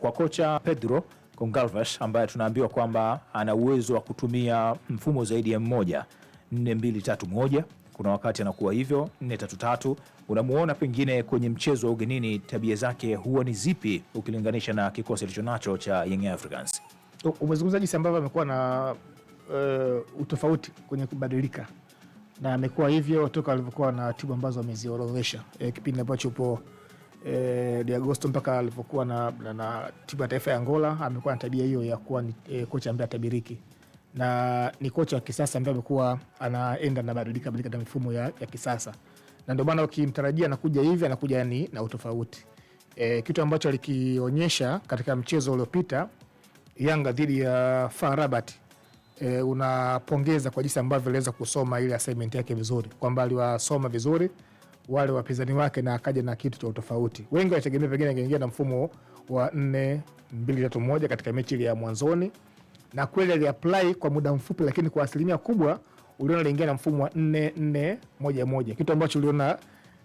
Kwa kocha Pedro Goncalves ambaye tunaambiwa kwamba ana uwezo wa kutumia mfumo zaidi ya mmoja, 4 2 3 kuna wakati anakuwa hivyo 4-3-3. Unamuona pengine kwenye mchezo wa ugenini, tabia zake huwa ni zipi ukilinganisha na kikosi alichonacho cha Young Africans? Umezungumza jinsi ambavyo amekuwa na uh, utofauti kwenye kubadilika na amekuwa hivyo toka alivyokuwa na timu ambazo ameziorodhesha e, kipindi ambacho upo e, eh, de Agosto mpaka alivyokuwa na, na, na timu ya taifa ya Angola amekuwa na tabia hiyo ya kuwa ni e, kocha ambaye atabiriki na ni kocha wa kisasa ambaye amekuwa anaenda na badilika badilika na mifumo ya, ya kisasa, na ndio maana ukimtarajia anakuja hivi anakuja yani na utofauti e, kitu ambacho alikionyesha katika mchezo uliopita Yanga dhidi ya FAR Rabat. Eh, unapongeza kwa jinsi ambavyo aliweza kusoma ile assignment yake vizuri, kwamba aliwasoma vizuri wale wapinzani wake na akaja na kitu cha utofauti. Wengi walitegemea pengine angeingia na mfumo wa 4 2 3 1 katika mechi ile ya mwanzoni, na kweli aliapply kwa muda mfupi, lakini kwa asilimia kubwa uliona aliingia na mfumo wa 4 4 1 1, kitu ambacho uliona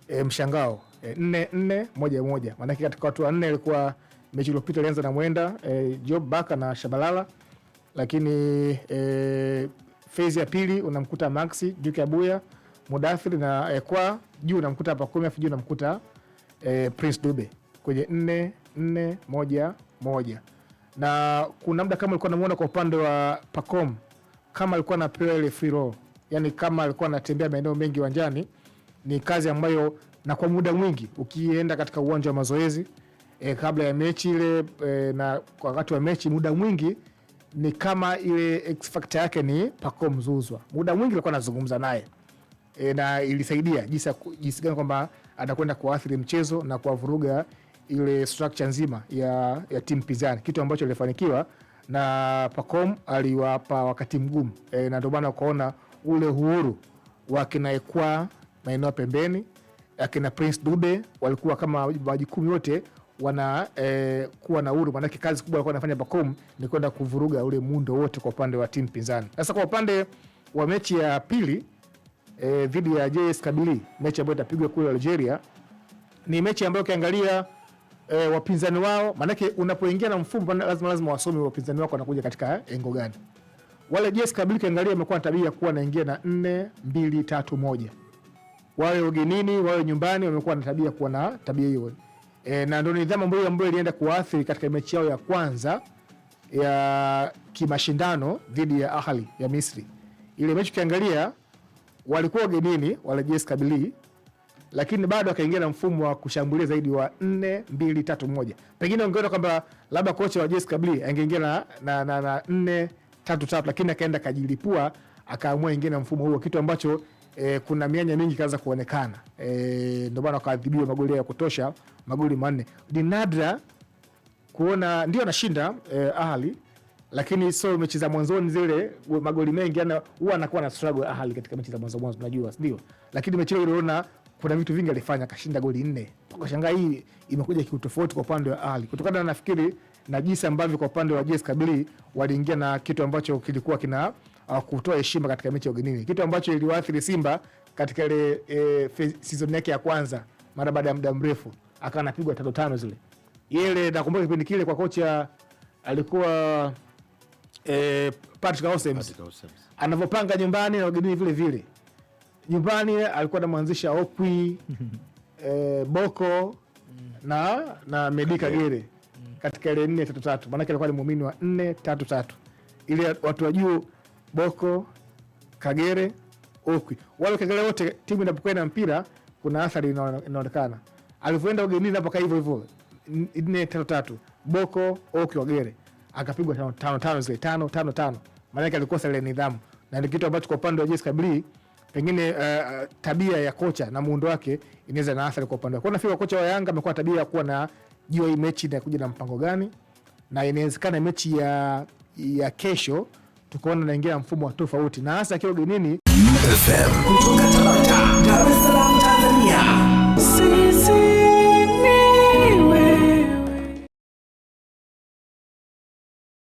e, mshangao e, 4 4 1 1, maanake katika watu wa nne alikuwa mechi iliyopita ilianza na Mwenda e, Job Baka na Shabalala, lakini eh, e, fezi ya pili unamkuta Maxi Juke Abuya Mudathiri na Ekwa eh, juu namkuta hapa kumi, afu juu namkuta eh, Prince Dube kwenye nne nne moja moja, na kuna muda kama alikuwa namuona kwa upande wa Pacom kama alikuwa anapewa ile free roll, yani kama alikuwa anatembea maeneo mengi uwanjani, ni kazi ambayo na kwa muda mwingi ukienda katika uwanja wa mazoezi e, kabla ya mechi ile e, na wakati wa mechi muda mwingi ni kama ile X factor yake ni Pacom Zuzwa, muda mwingi alikuwa anazungumza naye e, na ilisaidia jinsi gani kwamba anakwenda kuathiri mchezo na kuwavuruga ile structure nzima ya, ya timu pinzani, kitu ambacho ilifanikiwa na Pacom aliwapa wakati mgumu e, na ndio maana ukaona ule uhuru wa maeneo pembeni, akina Prince Dube walikuwa kama majukumu yote wana e, kuwa na uhuru, maanake kazi kubwa alikuwa anafanya Pacom ni kwenda kuvuruga ule muundo wote kwa upande wa timu pinzani. Sasa kwa upande wa mechi ya pili eh, dhidi ya JS Kabylie, mechi ambayo itapigwa kule Algeria. Ni mechi ambayo ukiangalia e, wapinzani wao, maanake unapoingia na mfumo lazima lazima wasome wapinzani wako wanakuja katika eh, engo gani. Wale JS Kabylie ukiangalia amekuwa na tabia ya kuwa naingia na 4 2 3 1, wawe ugenini wawe nyumbani, wamekuwa na tabia kuwa na tabia hiyo e, na ndio nidhamu ambayo ambayo ilienda kuathiri katika mechi yao ya kwanza ya kimashindano dhidi ya Ahli ya Misri. Ile mechi ukiangalia walikuwa ugenini wale JS lakini bado akaingia na mfumo wa kushambulia zaidi wa 4 2 3 Pengine ungeona kwamba labda kocha wa JS angeingia na na, na, na 4 3 3, lakini akaenda kajilipua, akaamua ingia na mfumo huo, kitu ambacho e, kuna mianya mingi kaanza kuonekana e, ndio maana magoli ya kutosha, magoli manne. Ni nadra kuona ndio anashinda e, Ahli lakini so mechi za mwanzoni zile magoli mengi yana huwa anakuwa na struggle ahali katika mechi za mwanzo mwanzo, tunajua ndio, lakini mechi ile uliona kuna vitu vingi alifanya, akashinda goli nne. shangaa hii imekuja kiutofauti kwa upande wa Ahly kutokana na nafikiri na jinsi ambavyo kwa upande wa JS Kabylie waliingia na kitu ambacho kilikuwa kina uh, kutoa heshima katika mechi ya ugenini, kitu ambacho iliwaathiri Simba katika ile e, season yake ya kwanza mara baada ya muda mrefu, akawa anapigwa tano tano zile ile. Nakumbuka kipindi kile kwa kocha alikuwa eh, Patrick Aussems anavyopanga nyumbani na ugenini vile vile. Nyumbani alikuwa anamwanzisha Okwi eh, Boko na na Medi Kagere katika ile nne tatu tatu, maanake alikuwa ni muumini wa nne tatu tatu, ile watu wajuu Boko, Kagere, Okwi wale ukiangalia wote, timu inapokwenda mpira kuna athari inaonekana. Alivyoenda ugenini napaka hivyo hivyo, nne tatu tatu, Boko, Okwi, okay, akapigwa tano tano tano zile tano tano tano, maanake alikosa ile nidhamu, na ni kitu ambacho kwa upande wa Jessica Blee pengine uh, tabia ya kocha na muundo wake inaweza na athari kwa upande wake. Kwa nafikiri kocha wa Yanga amekuwa tabia ya kuwa na jua hii mechi inakuja na mpango gani, na inawezekana mechi ya, ya kesho tukaona naingia mfumo wa tofauti na hasa akiwa ugenini FM